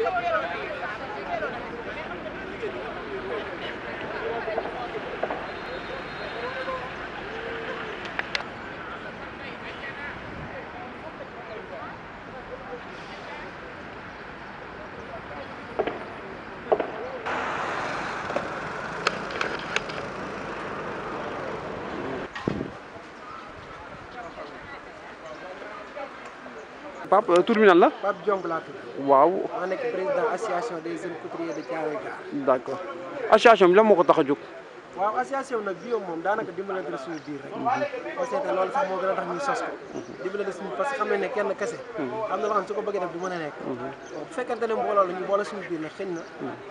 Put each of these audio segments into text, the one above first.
¡Vamos! Pape euh, tur bi nan la. Pape waaw. maa nekk président association des jeunes couturiers de Thiaroye Gare. association bi lan moo ko tax a jóg. waaw association na bii moom daanaka dimbalante la suñu biir rek. Mhm. a tax ñu sos ko. Mhm. dimbalante suñu parce que xam nañ ne kenn kese. Mhm. am na loo xam su ko bëggee def du mën a nekk. bu fekkente ne mbooloo la ñu boole suñu biir nag xëy na.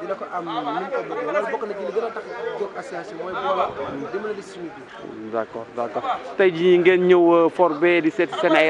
dina ko am ni mu ko bëggee loolu bokk na ci li gën a tax jóg association mooy booloo dimbalante suñu biir. d' accord d' tey jii ngeen ñëw euh, for bee di seet seen ay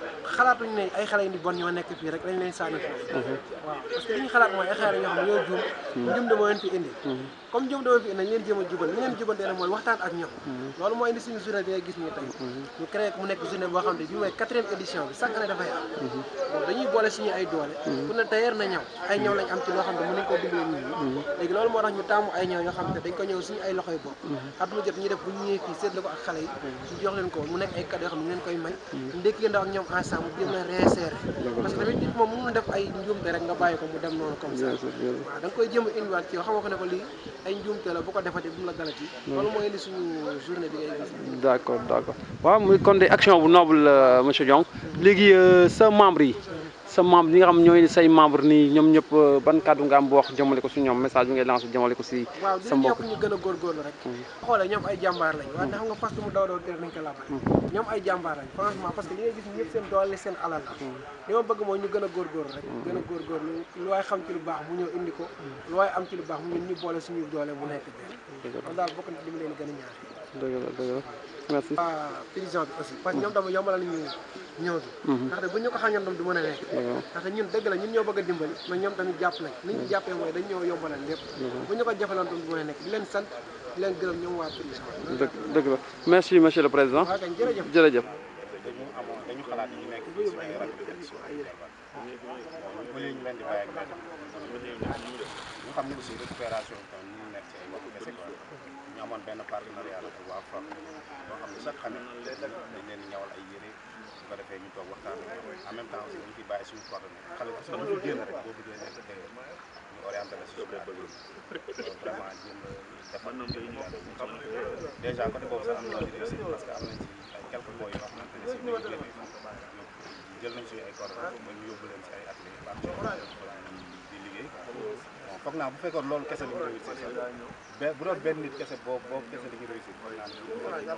xalaatuñ ne ay xale yu bon ñoo nekk fii rek dañ leen sànni foofu waaw parce que li ñu xalaat mooy ay xale xam ne hmm. leen fi indi hmm. comme njëm da moo fi indi nañ leen jéem a jubal li leen jubal dee mooy waxtaan ak ñoom hmm. loolu mooy ñu nekk xam ne bi bi chaque année dafay am dañuy boole suñu ay doole ku ne tailleur na ñaw ay loo xam ne mën nañ ko dimbalee nit ñi léegi loolu moo ñu taamu ay ñaw yoo xam ne dañ ko ñëw suñu ay loxoy bopp at mu jot ñu def bu ko mu nekk ay cadeau yoo xam ne koy may ndékki ndaw ak ñoom ensemble jéem a réinsérer parce que tamit nit moom mënul def ay njuumte rek nga bàyyi ko mu dem noonu comme ça waaw da koy jéem a yow xamoo ko ne ko lii ay njuumte la bu ko defati bu mu la galati loolu mooy indi suñu journée bi ngay gis d' accord d' accord waaw muy kon de action bu noble euh, monsieur Diong mm-hmm. léegi euh, sa membre yi mm-hmm. sa membre ñi nga xam ñooy say membre nii ñoom ñëpp euh, ban kàddu nga am boo wax jëmale ko si ñoom message bi ngay lancé jëmale ko si sa mbokk waaw a nga fas mu daw daw teel nañ ko laabale ñoom ay jàmbaar lañ mm. franchement parce que li ngay gis ñëpp seen doole seen alal la mm. li ma bëgg mooy ñu gën a góorgóorlu rek mm. gën a góorgóorlu lu waay xam ci lu baax mu ñëw indi ko lu waay am ci lu baax mu ñun ñu boole suñu doole mu nekk daal bokk na li mu leen gën a ñaar dëgg la dëgg la merci waa paysan bi aussi parce que ñoom tam yombalal ñu ñëw bi ndaxte bu ñu ko xam ñoom tam du mën a nekk ndaxte ñun dëgg la ñun ñoo bëgg a dimbali ma ñoom tamit jàpp nañ ni ñu jàppee mooy dañ ñoo yombalal lépp bu ñu ko jafaloon tam du mën a nekk di leen sant di ñoom waa paysan dëgg dëgg amoon benn partenariat la bu baax fa boo xam ne chaque ñawal ay yére su ko defee ñu toog waxtaan en même temps aussi ñu ciy bàyyi suñu coordonnées xale bu soxla su génn rek boo bëggee nekk tailleur ñu orienté la si suñu bëgg vraiment jéem a parce que am nañ ñu yóbbu leen si ay atelier foog naa bu fekkoon loolu kese la ñu réussir bu doon benn nit kese boobu boobu kese la ñu réussir foog naa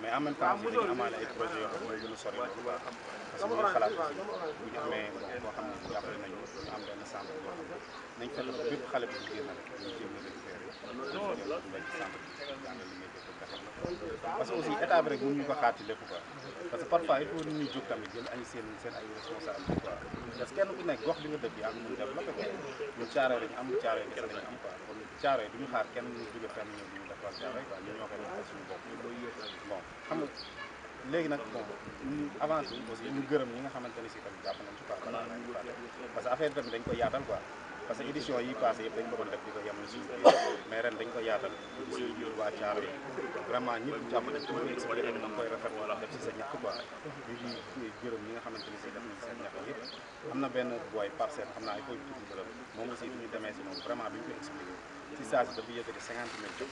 mais en même temps aussi dañu amaale ay projets yoo a sori bu parce que ñu xalaat bu ñu boo xam ne nañu ñu am benn centre boo xam ne nañ fexe ba bépp xale bu jigéen na rek ñu jéem a récupéré mbéy ci centre bi jàngal li ngay def ba defar la parce que aussi état bi rek mënuñu ko xaati lépp quoi parce que parfois il ñi parce que kenn ku nekk gox bi nga dëkk yi am ñu développé quoi ñu caaree dañu duñu xaar kenn ñu jóge fenn ñëw duñu defar caaree quoi ñu ñoo koy defal suñu bopp bon xam nga léegi nag bon ñu ñu gërëm ñi nga xamante ne si tamit jàpp nañ parce que affaire bi dañ koy yaatal quoi parce que édition yi passé yëpp dañ bëggoon def di ko yemale suñu biir mais ren dañ ko yaatal si biir waa Thiaroye vraiment ñëpp jàpp nga koy rafetlu def si si def nañ seen yëpp am na benn booy parcelle xam naa il faut ñu tudd gërëm moom aussi demee si moom vraiment bi ñu ko expliqué si saa si dafa yëkkati cinquante mille jox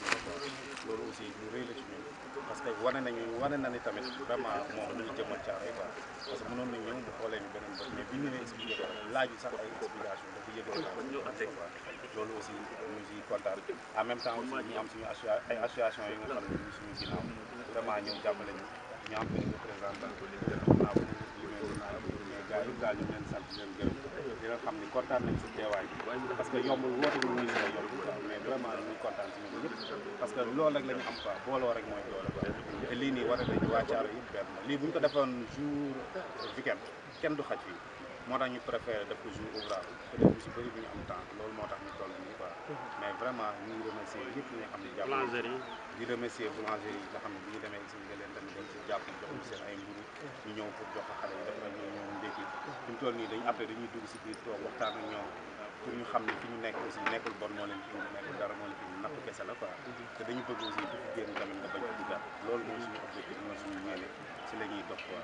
loolu aussi lu rëy la ci ñun parce que wane nañu wane na ni tamit vraiment moom lu ñu jëmal caaroy quoi parce que mënoon nañ ñëw mu xoolee ñu beneen bët mais bi ñu leen expliqué laaju sax ay explication dafa yëkkati loolu aussi ñu si kontaan en même temps aussi ñu am suñu ay association yi nga xam ne ñu suñu ginnaaw vraiment ñëw jàppale ñu ñu am benn représentant gaa yëpp daal ñu ngi sant di leen gërëm di leen xam ni kontaan nañ si teewaay bi parce que yombul woote ñu ngi lay yomb mais parce que lool rek la ñu am quoi booloo rek mooy doole quoi te lii nii war a dañ waa benn lii bu ñu ko defoon jour weekend kenn du xaj fii moo tax ñu préféré def ko jour ouvrable te def bu si bëri bu ñu am temps loolu moo tax ñu toll nii vraiment ñu ngi remercier ñëpp ñi xam ne jàpp boulangerie di remercier boulangerie yi nga ne bi ñu demee si nga leen tamit dañ si jàpp jox nii dañu après dañuy dugg si biir waxtaan ak ñoom pour ñu xam ne fi ñu nekk aussi nekkul bon moo leen fi ñu nekkul dara moo leen fi ñu napp kese la quoi te dañu bëgg bu fi tamit nga bañ a duggaat loolu mooy suñu objectif mooy suñu ñeene si la dox quoi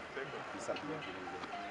di sant ñëpp di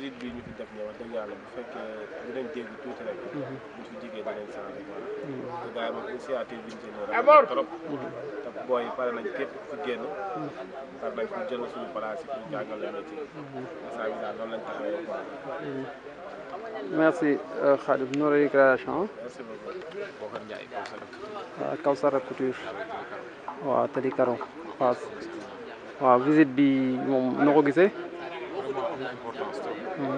visite bi ñu fi def ne wax dëgg yàlla bu fekkee dinañ dégg tuuti rek mhm. buñ fi jigéen dinañ changé quoi mhm. te gars yi moom initiative bi ñu jël rafet trop mhm. te booy pare nañ képp euh, euh, Karo Fass waaw bi moom noo ko gisee am na importance trop.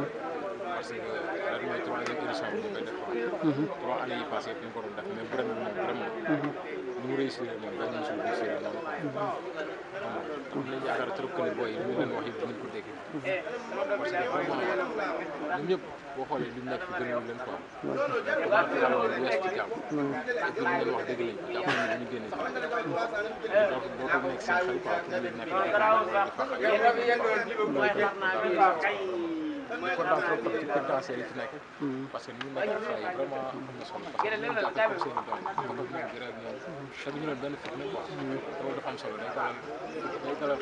parce que ren mooy troisième édition bi ñu koy def. trois années yi passées fi ñu ko doon def mais bu ren moom vraiment. ni mu réussir moom daal mosul réussir moom am nañ yaakaar trop que ne booy yi ñu leen wax yëpp dinañ ko dégg parce que vraiment ñun ñëpp boo xoolee li nekk gënal leen quoi dafa yàlla lu wees ci jàmm te gën leen wax dëgg lañ jàpp nañ ñu génne jàmm donc boo ko nekk seen xel quoi pour ñu nekk mooy kontaan parce que ñu nekk xale yi vraiment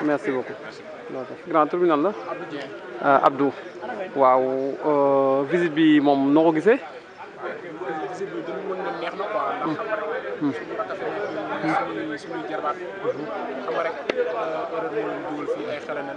am merci beaucoup grand tur bi nan la. Euh, waaw euh, visite bi moom noo ko gisee. suñuy suñuy jarbaat xam nga rek euh, erreur moo leen dugal fii ay xale nañ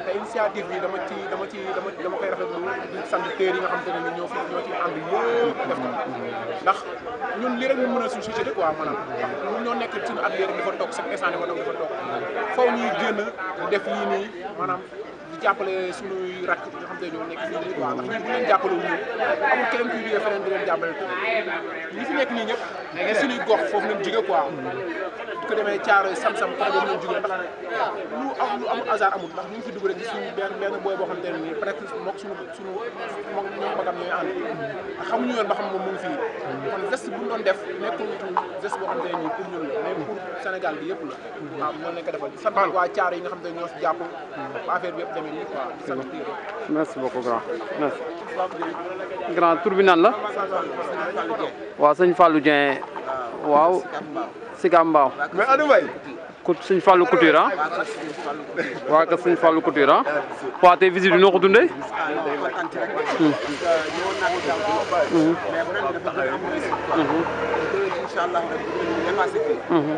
te initiative bi dama ci dama ci dama dama koy rafetlu di sant téer yi nga xam te ne ni ñoo fi ñoo ci ànd yëpp def ko ndax ñun li rek ñu a suñu société quoi maanaam ñun ñoo nekk suñu ak rek dafa toog chaque instant dafa toog dafa toog faw ñuy génn def yii nii maanaam di jàppale suñuy rakk yi xam te ne ñoo nekk fii leen jàppale wu ñu amul keneen kuy jógee feneen di leen jàppale ñi fi nekk nii ñëpp suñuy gox foofu lañ jóge quoi ko demee Thiaroye Sam-Sam côté boobu ñu jógee ndax lu am lu am hasard amul ndax ñu ngi fi dugg rek suñu benn benn booy boo xam te ne nii peut être moog suñu suñu moog ñoom magam ñooy ànd xamuñu yoon ba xam moom mu ngi fii kon geste bu ñu doon def nekkul geste boo xam te ne nii pour ñun la mais pour Sénégal bi yëpp la waaw noonu lañ ko defal sant waa Thiaroye yi nga xam te ne ñoo si jàpp ba affaire bi yëpp demee nii quoi sant merci beaucoup grand merci grand tur bi nan la waaw sëñ Fallou Dieng waaw Sika Mbaaw mais Adou Mbaye ku suñ fàllu couture ah waa ka suñ fàllu couture ah waaw tey visite bi noo ko dundee mais hmm. hmm. hmm.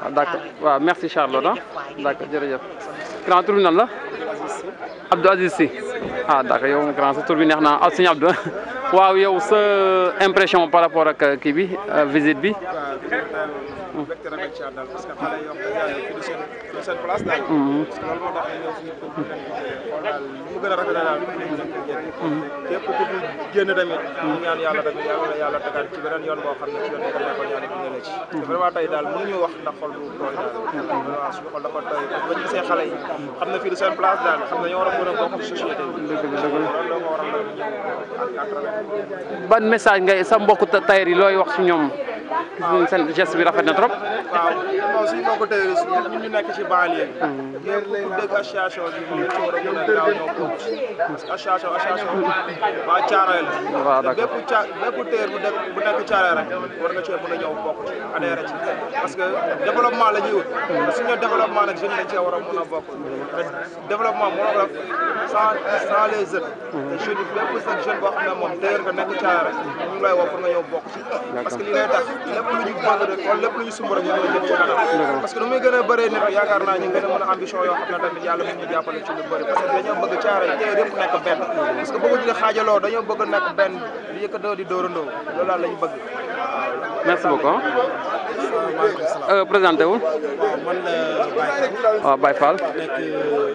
Ah, d'accord ah. waaw merci Charlotte d'accord jërëjëf grand tur bi nan la Abdou Aziz ah d'accord yow grand a tur bi neex naa ah sëñ Abdou y yow aussi impression par rapport à Kibi, euh, visite bi mbégte rek ci daal parce que xale yoo xam ne fii seen fii seen place daal parce que loolu moo tax ñu ñëw fii pour xool daal lu mu gën a rafet daal képp ku fi génn tamit ñaan yàlla tamit yàlla yàlla tegaat ci beneen yoon boo xam ne ci yoon nekk na ko ñaan bi a mën a bokk société ban message ngay sa mbokk tailleur yi looy wax ci gis nañ seen geste bi rafet na trop. waaw non suñu mbokku tey ñun ñu nekk ci baal yi. ñoom ku dégg association bi ñu ngi ci war a mën a daaw ñoom association association waa Caaroy la. waaw d'accord bépp ca bépp teer bu dëkk bu nekk Caaroy rek war nga cee mën a ñëw bokk ci adhéré ci parce que développement la ñuy wut. suñu développement nag jeunes dañ cee war a mën a bokk. développement moo la sans sans les jeunes. te jeunes yi bépp sax jeune boo xam ne moom teer nga nekk Caaroy rek ñu ngi lay woo pour nga ñëw bokk ci. parce que li ngay tax lépp Merci beaucoup. Euh, présentez-vous. Euh, moi, le... oh, Bye, Fall. Avec, euh...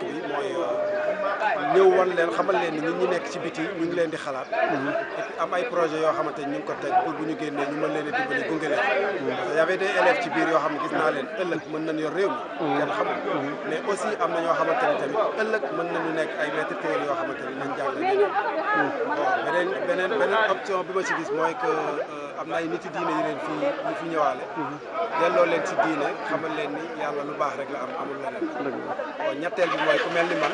bi mooy euh, ñëw wan leen xamal leen ni ñun nekk ci biti ñu ngi leen di xalaat. Mhm. am ay projet yoo xamante ni ñu ngi ko teg pour bu ñu génnee leen a dimbali gunge leen. parce que y avait des élèves ci biir yoo xam leen ëllëg mën mhm. mhm. mais aussi am na ñoo xamante ne tamit ëllëg mën nañu nekk ay maître théorie yoo xamante ni nañ jàng leen. bon beneen beneen beneen option bi ma ci gis mooy que. Euh, am na ay nit ci diine yi leen fii ñu fi ñëwaale delloo leen ci diine xamal leen ni yàlla lu baax rek la am amul leneen ñetteel bi mooy ku mel ni man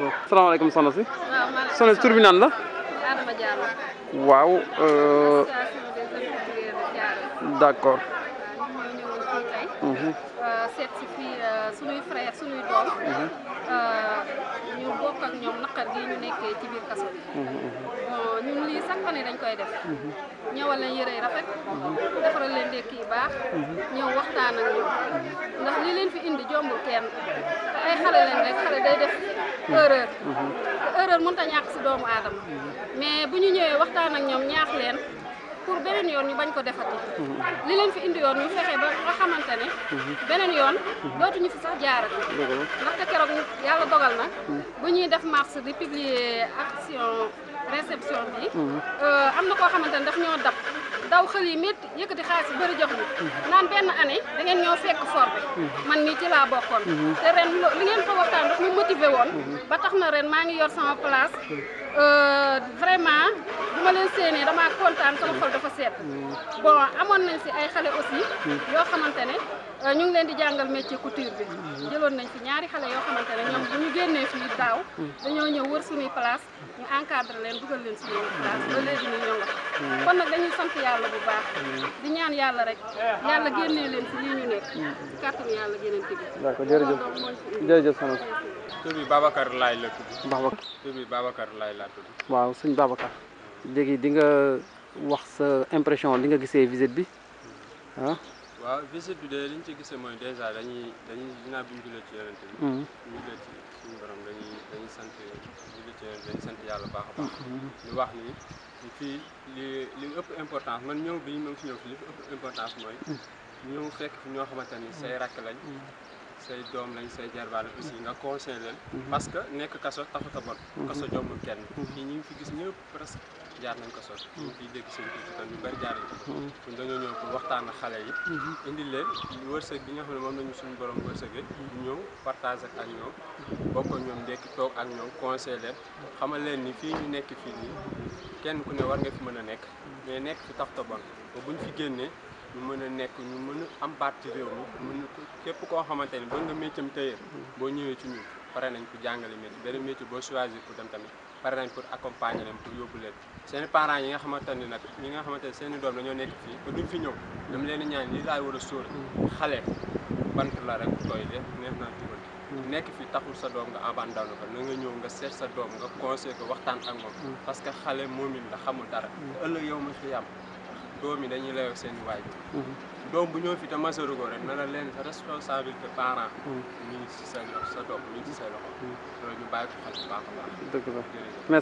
toog salaamaaleykum soxna si. soxna si tur bi naan la. waaw. Euh, d' accord. Mhm. Euh, seet si fii euh, sunuy frère sunuy doom. Mhm. ñu bokk ak ñoom naqar gi ñu nekkee ci biir kaso mhm, mhm. bon ñun lii chaque année dañ koy def mhm. ñëwal leen yëre rafet defaral leen ndékki yu baax ñëw waxtaan ak ñoom ndax li leen fi indi jombul kenn te ay xale lañ rek xale day def erreur te erreur mënut a ñàkk si doomu aadama mais bu ñu ñëwee waxtaan ak ñoom ñaax leen pour beneen yoon ñu bañ ko defati mhm. li leen fi indi yoon ñu fexe ba nga xamante ne mhm. beneen yoon mhm. dootuñu fi sax jaarati ndaxte keroog yàlla dogal na bu ñuy def marche di publier action réception bi euh, am na koo xamante ne daf ñoo dab daw xel yi métti di xaalis bi bëri jox ñu naan benn année da ñoo fekk forbe man nii ci laa bokkoon te ren li ngeen fa daf ñu motivé woon ba tax na ren maa ngi yor sama place euh, vraiment bu ma leen séenee damaa kontaan sama xol dafa sedd bon amoon nañ si ay xale aussi yoo xamante ne euh, ñu leen di jàngal métier couture bi jëloon nañ fi ñaari xale yoo xamante ne ñoom bu ñu génnee fii daaw dañoo ñëw wër suñuy place ñu encadré leen dugal leen suñuy place kon nag dañuy sant yàlla bu baax di ñaan yàlla rek yàlla génnee leen si lii ñu nekk si yàlla génneen tigi d'accord jërëjëf jërëjëf soxna tur bi Babacar Laay la tudd Babacar tur bi waaw sëñ Babacar léegi di nga wax sa impression li nga gisee visite bi ah. waaw visite bi de li ñu ci gisee mooy dèjà dañuy dañuy ginnaaw bi ñu jullee ci yonente bi. Mm-hmm. ñu jullee ci suñu dañuy dañuy sant jullee ci sant yàlla baax a baax. ñu mm-hmm. wax ni fi li li ëpp importance man ñëw bi ñu ngi fi ñëw fii li ëpp importance mooy. Mm. ñëw fekk fi ñoo xamante ni say rakk lañ. Mm-hmm. say doom lañ say jarbaale aussi nga conseillé leen. Mhm. parce que nekk kaso taxut a bon. Mhm. kaso jombul kenn. Mhm. ñi ñu fi gis ñëpp presque jaar nañ kaso. ñu ngi fiy dégg seen tuuti ñu bari jaar nañ kaso. ñun dañoo ñëw pour waxtaan ak xale yi. indi leen wërsëg bi nga xam ne moom lañu suñu borom wërsëgee. ñu ñëw partage ak ñoom. bokk ak ñoom ndekki toog ak ñoom conseillé leen. xamal leen ni fii ñu nekk fii nii kenn ku ne war nga fi mën a nekk. mais nekk fi taxut a bon ba buñ fi génnee. ñu mën a nekk ñu mën a am parti réew mi mën a ko képp koo xamante ne ba nga métier tëye boo ñëwee ci ñu pare nañ pour jàngale métier benn métier boo choisir pour dem tamit pare nañ pour accompagner leen pour yóbbu leen seen parents yi nga xamante ne nag ñi nga xamante ne seen doom dañoo nekk fii ba duñ fi ñëw dama leen ñaan ñi laa war a sóore xale bant la rek tooy de neex naa dugal nekk fi taxul sa doom nga abandonné ko na nga ñëw nga seet sa doom nga conseil ko waxtaan ak moom mm. parce que xale moomin la xamul dara mm. ëllëg yow ma xiyam doom yi dañuy layoo seen waajur mhm. doom bu ñëw fi te masaru rek na la leen responsabilité parent mhm. ñu ngi si sa sa doom ñu ngi si sa loxo mhm. loolu ñu bàyyi ko xel bu baax a baax